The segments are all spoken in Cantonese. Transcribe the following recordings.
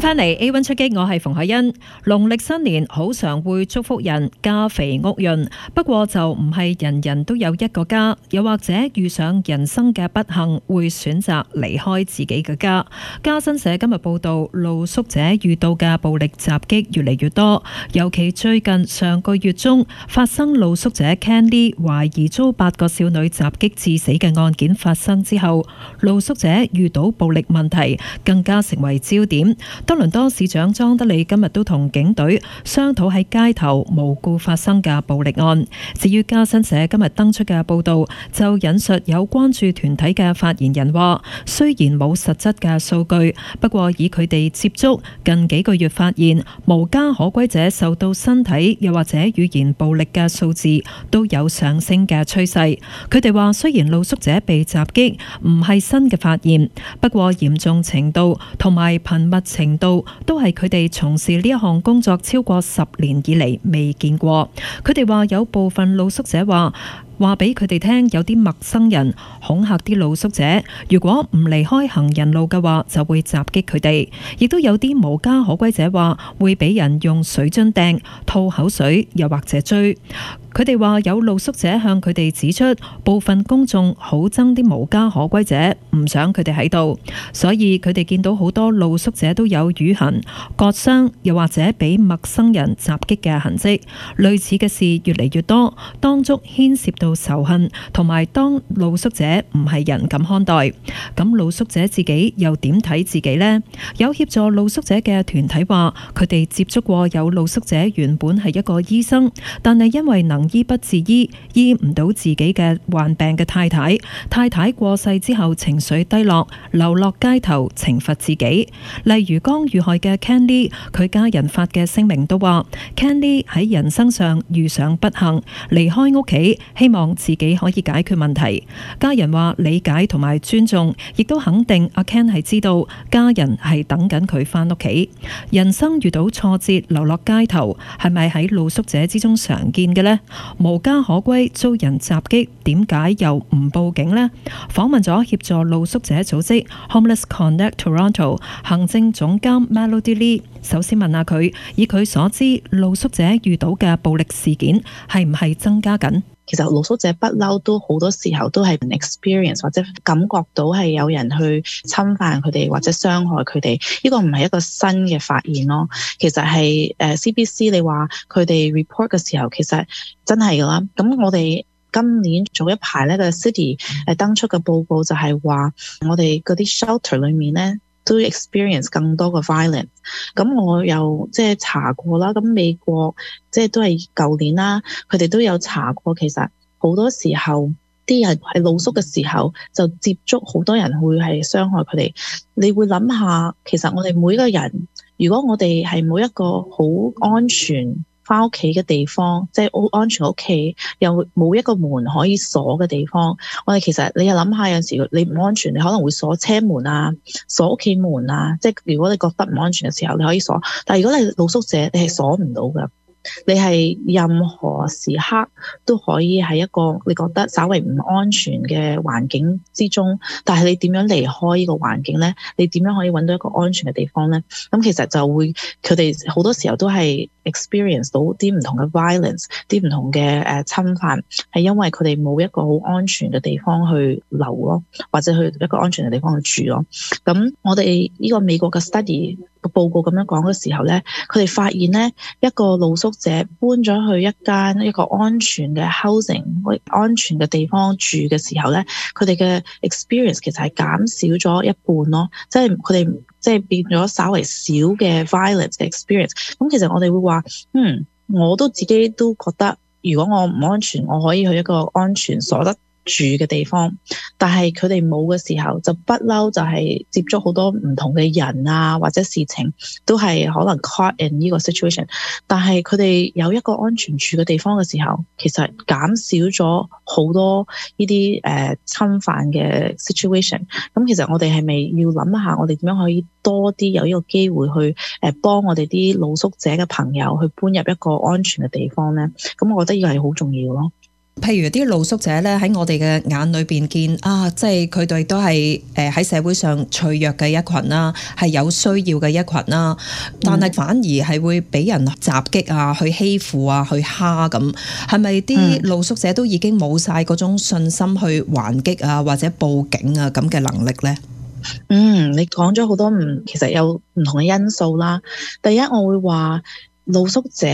返嚟 A1 出擊，我係馮海恩。農曆新年好常會祝福人家肥屋潤，不過就唔係人人都有一個家，又或者遇上人生嘅不幸，會選擇離開自己嘅家。加新社今日報道，露宿者遇到嘅暴力襲擊越嚟越多，尤其最近上個月中發生露宿者 Candy 懷疑遭八個少女襲擊致死嘅案件發生之後，露宿者遇到暴力問題更加成為焦點。多倫多市長莊德利今日都同警隊商討喺街頭無故發生嘅暴力案。至於加新社今日登出嘅報道，就引述有關注團體嘅發言人話，雖然冇實質嘅數據，不過以佢哋接觸近幾個月發現無家可歸者受到身體又或者語言暴力嘅數字都有上升嘅趨勢。佢哋話，雖然露宿者被襲擊唔係新嘅發現，不過嚴重程度同埋頻密情程度都係佢哋從事呢一項工作超過十年以嚟，未見過。佢哋話，有部分露宿者話。話俾佢哋聽，有啲陌生人恐嚇啲露宿者，如果唔離開行人路嘅話，就會襲擊佢哋。亦都有啲無家可歸者話會俾人用水樽掟、吐口水，又或者追。佢哋話有露宿者向佢哋指出，部分公眾好憎啲無家可歸者，唔想佢哋喺度，所以佢哋見到好多露宿者都有瘀痕、割傷，又或者俾陌生人襲擊嘅痕跡。類似嘅事越嚟越多，當中牽涉到仇恨，同埋當露宿者唔係人咁看待。咁露宿者自己又點睇自己呢？有協助露宿者嘅團體話，佢哋接觸過有露宿者原本係一個醫生，但係因為能醫不自醫，醫唔到自己嘅患病嘅太太，太太過世之後情緒低落，流落街頭懲罰自己。例如剛遇害嘅 Candy，佢家人發嘅聲明都話，Candy 喺人生上遇上不幸，離開屋企希望。自己可以解決問題。家人話理解同埋尊重，亦都肯定阿 Ken 係知道家人係等緊佢返屋企。人生遇到挫折，流落街頭，係咪喺露宿者之中常見嘅呢？無家可歸，遭人襲擊，點解又唔報警呢？訪問咗協助露宿者組織 Homeless Connect Toronto 行政總監 Melody Lee，首先問下佢，以佢所知，露宿者遇到嘅暴力事件係唔係增加緊？其實老，露宿者不嬲都好多時候都係 experience 或者感覺到係有人去侵犯佢哋或者傷害佢哋，呢、呢個唔係一個新嘅發現咯。其實係 CBC 你話佢哋 report 嘅時候，其實真係㗎啦。咁我哋今年早一排咧嘅 City 係、呃、登出嘅報告就係話，我哋嗰啲 shelter 裏面咧，都 experience 更多嘅 violence，咁我又即係、就是、查過啦，咁美國即係都係舊年啦，佢哋都有查過。其實好多時候啲人喺露宿嘅時候，就接觸好多人會係傷害佢哋。你會諗下，其實我哋每個人，如果我哋係冇一個好安全，翻屋企嘅地方，即係安安全好安全屋企，又冇一個門可以鎖嘅地方。我哋其實你又諗下，有陣時你唔安全，你可能會鎖車門啊，鎖屋企門啊。即係如果你覺得唔安全嘅時候，你可以鎖。但係如果你係露宿者，你係鎖唔到噶。你係任何時刻都可以喺一個你覺得稍微唔安全嘅環境之中，但係你點樣離開呢個環境呢？你點樣可以揾到一個安全嘅地方呢？咁其實就會佢哋好多時候都係 experience 到啲唔同嘅 violence，啲唔同嘅誒侵犯，係因為佢哋冇一個好安全嘅地方去留咯，或者去一個安全嘅地方去住咯。咁我哋呢個美國嘅 study。報告咁樣講嘅時候咧，佢哋發現咧一個露宿者搬咗去一間一個安全嘅 housing、安全嘅地方住嘅時候咧，佢哋嘅 experience 其實係減少咗一半咯，即係佢哋即係變咗稍微少嘅 violence 嘅 experience。咁其實我哋會話，嗯，我都自己都覺得，如果我唔安全，我可以去一個安全所得住嘅地方，但係佢哋冇嘅時候，就不嬲就係接觸好多唔同嘅人啊，或者事情都係可能 caught in 呢個 situation。但係佢哋有一個安全住嘅地方嘅時候，其實減少咗好多呢啲誒侵犯嘅 situation。咁、嗯、其實我哋係咪要諗一下，我哋點樣可以多啲有呢個機會去誒、呃、幫我哋啲露宿者嘅朋友去搬入一個安全嘅地方咧？咁、嗯、我覺得呢個係好重要咯。譬如啲露宿者咧，喺我哋嘅眼裏邊見啊，即係佢哋都係誒喺社會上脆弱嘅一群啦，係有需要嘅一群啦，但係反而係會俾人襲擊啊，去欺負啊，去蝦咁，係咪啲露宿者都已經冇晒嗰種信心去還擊啊，或者報警啊咁嘅能力咧？嗯，你講咗好多唔，其實有唔同嘅因素啦。第一，我會話露宿者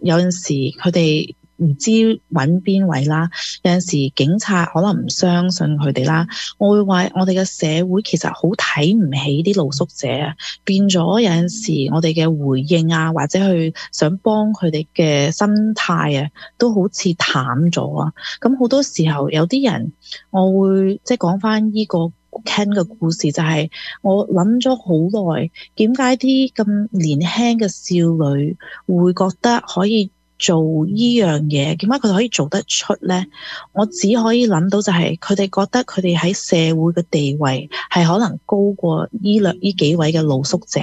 有陣時佢哋。唔知揾邊位啦，有陣時警察可能唔相信佢哋啦。我會話我哋嘅社會其實好睇唔起啲露宿者，變咗有陣時我哋嘅回應啊，或者去想幫佢哋嘅心態啊，都好似淡咗啊。咁好多時候有啲人，我會即係講翻呢個 Ken 嘅故事，就係我諗咗好耐，點解啲咁年輕嘅少女會覺得可以做依樣嘢，點解佢哋可以做得出咧？我只可以諗到就係佢哋覺得佢哋喺社會嘅地位係可能高過依兩依幾位嘅露宿者，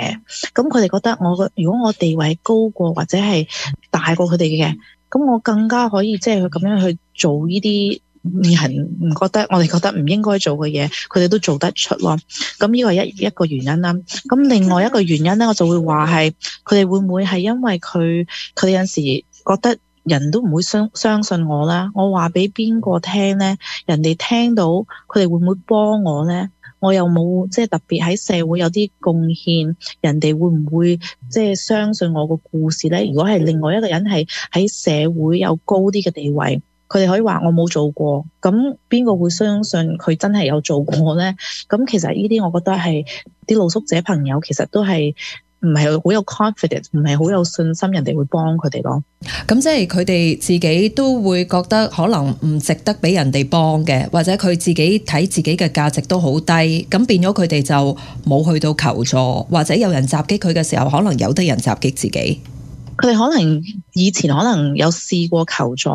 咁佢哋覺得我如果我地位高過或者係大過佢哋嘅，咁我更加可以即係佢咁樣去做呢啲人唔覺得我哋覺得唔應該做嘅嘢，佢哋都做得出咯。咁呢個係一一個原因啦。咁另外一個原因咧，我就會話係佢哋會唔會係因為佢佢有時。覺得人都唔會相相信我啦，我話俾邊個聽呢？人哋聽到佢哋會唔會幫我呢？我又冇即係特別喺社會有啲貢獻，人哋會唔會即係相信我個故事呢？如果係另外一個人係喺社會有高啲嘅地位，佢哋可以話我冇做過，咁邊個會相信佢真係有做過呢？咁其實呢啲，我覺得係啲露宿者朋友其實都係。唔係好有 confident，唔係好有信心，有信心人哋會幫佢哋咯。咁即係佢哋自己都會覺得可能唔值得俾人哋幫嘅，或者佢自己睇自己嘅價值都好低。咁變咗佢哋就冇去到求助，或者有人襲擊佢嘅時候，可能有啲人襲擊自己。佢哋可能以前可能有試過求助，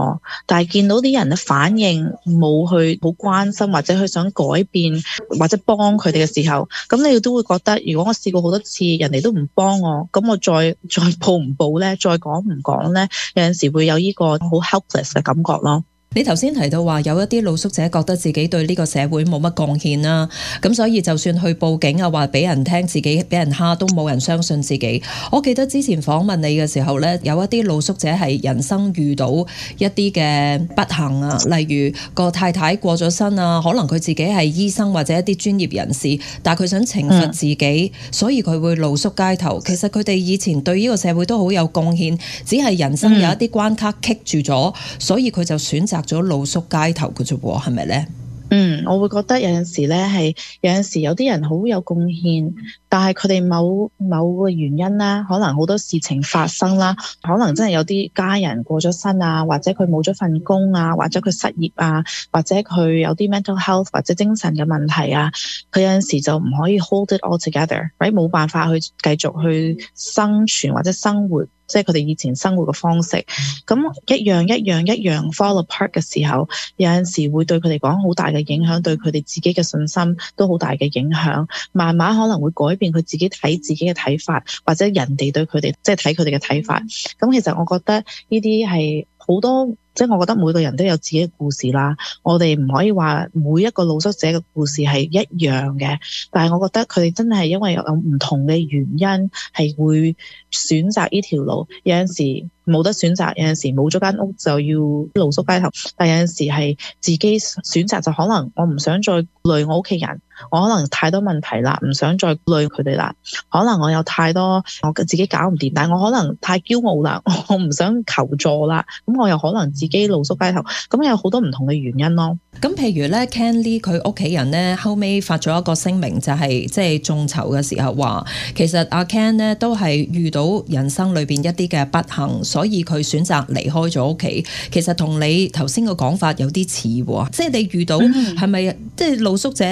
但係見到啲人嘅反應冇去好關心，或者去想改變或者幫佢哋嘅時候，咁你都會覺得，如果我試過好多次，人哋都唔幫我，咁我再再報唔報呢？再講唔講呢？有陣時會有呢個好 helpless 嘅感覺咯。你頭先提到話有一啲露宿者覺得自己對呢個社會冇乜貢獻啦，咁所以就算去報警啊，話俾人聽自己俾人蝦，都冇人相信自己。我記得之前訪問你嘅時候呢，有一啲露宿者係人生遇到一啲嘅不幸啊，例如個太太過咗身啊，可能佢自己係醫生或者一啲專業人士，但係佢想懲罰自己，嗯、所以佢會露宿街頭。其實佢哋以前對呢個社會都好有貢獻，只係人生有一啲關卡棘住咗，所以佢就選擇。隔咗露宿街頭嘅啫喎，係咪咧？嗯，我會覺得有陣時咧係，有陣時有啲人好有貢獻，但係佢哋某某個原因啦，可能好多事情發生啦，可能真係有啲家人過咗身啊，或者佢冇咗份工啊，或者佢失業啊，或者佢有啲 mental health 或者精神嘅問題啊，佢有陣時就唔可以 hold it all together，所以冇辦法去繼續去生存或者生活。即係佢哋以前生活嘅方式，咁一樣一樣一樣 fall apart 嘅時候，有陣時會對佢哋講好大嘅影響，對佢哋自己嘅信心都好大嘅影響，慢慢可能會改變佢自己睇自己嘅睇法，或者人哋對佢哋即係睇佢哋嘅睇法。咁其實我覺得呢啲係。好多即係我覺得每個人都有自己嘅故事啦，我哋唔可以話每一個露宿者嘅故事係一樣嘅，但係我覺得佢哋真係因為有唔同嘅原因係會選擇呢條路，有陣時。冇得選擇，有陣時冇咗間屋就要露宿街頭。但有陣時係自己選擇，就可能我唔想再累我屋企人，我可能太多問題啦，唔想再累佢哋啦。可能我有太多我自己搞唔掂，但係我可能太驕傲啦，我唔想求助啦，咁我又可能自己露宿街頭。咁有好多唔同嘅原因咯。咁譬如咧，Ken Lee 佢屋企人咧後尾發咗一個聲明，就係即係眾籌嘅時候話，其實阿 Ken 咧都係遇到人生裏邊一啲嘅不幸。所以佢選擇離開咗屋企，其實同你頭先個講法有啲似，即係你遇到係咪即係露宿者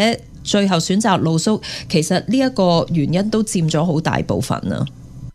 最後選擇露宿，其實呢一個原因都佔咗好大部分啊！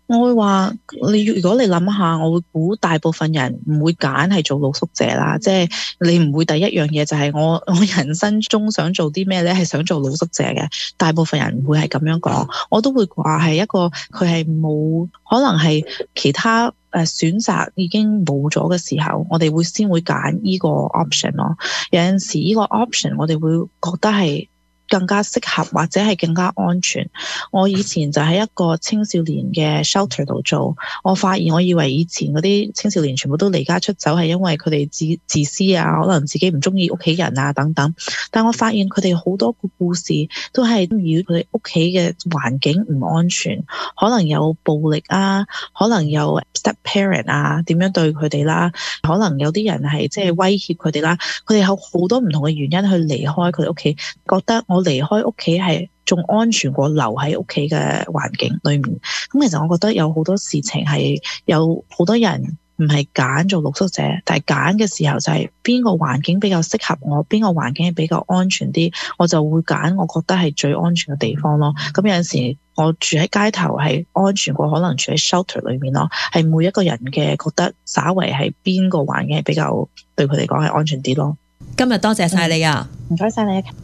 我會話你，如果你諗下，我會估大部分人唔會揀係做露宿者啦。即係你唔會第一樣嘢就係我我人生中想做啲咩咧，係想做露宿者嘅。大部分人唔會係咁樣講，我都會話係一個佢係冇可能係其他，誒選擇已經冇咗嘅時候，我哋會先會揀呢個 option 囉。有陣時，呢個 option 我哋會覺得係。更加適合或者係更加安全。我以前就喺一個青少年嘅 shelter 度做，我發現我以為以前嗰啲青少年全部都離家出走係因為佢哋自自私啊，可能自己唔中意屋企人啊等等。但我發現佢哋好多個故事都係要佢哋屋企嘅環境唔安全，可能有暴力啊，可能有 step parent 啊點樣對佢哋啦，可能有啲人係即係威脅佢哋啦。佢哋有好多唔同嘅原因去離開佢哋屋企，覺得我離開屋企係仲安全過留喺屋企嘅環境裏面，咁其實我覺得有好多事情係有好多人唔係揀做露宿者，但係揀嘅時候就係邊個環境比較適合我，邊個環境係比較安全啲，我就會揀我覺得係最安全嘅地方咯。咁有陣時我住喺街頭係安全過可能住喺 shelter 裏面咯，係每一個人嘅覺得，稍為係邊個環境比較對佢嚟講係安全啲咯。今日多謝晒你啊，唔該晒你。嗯，謝謝你。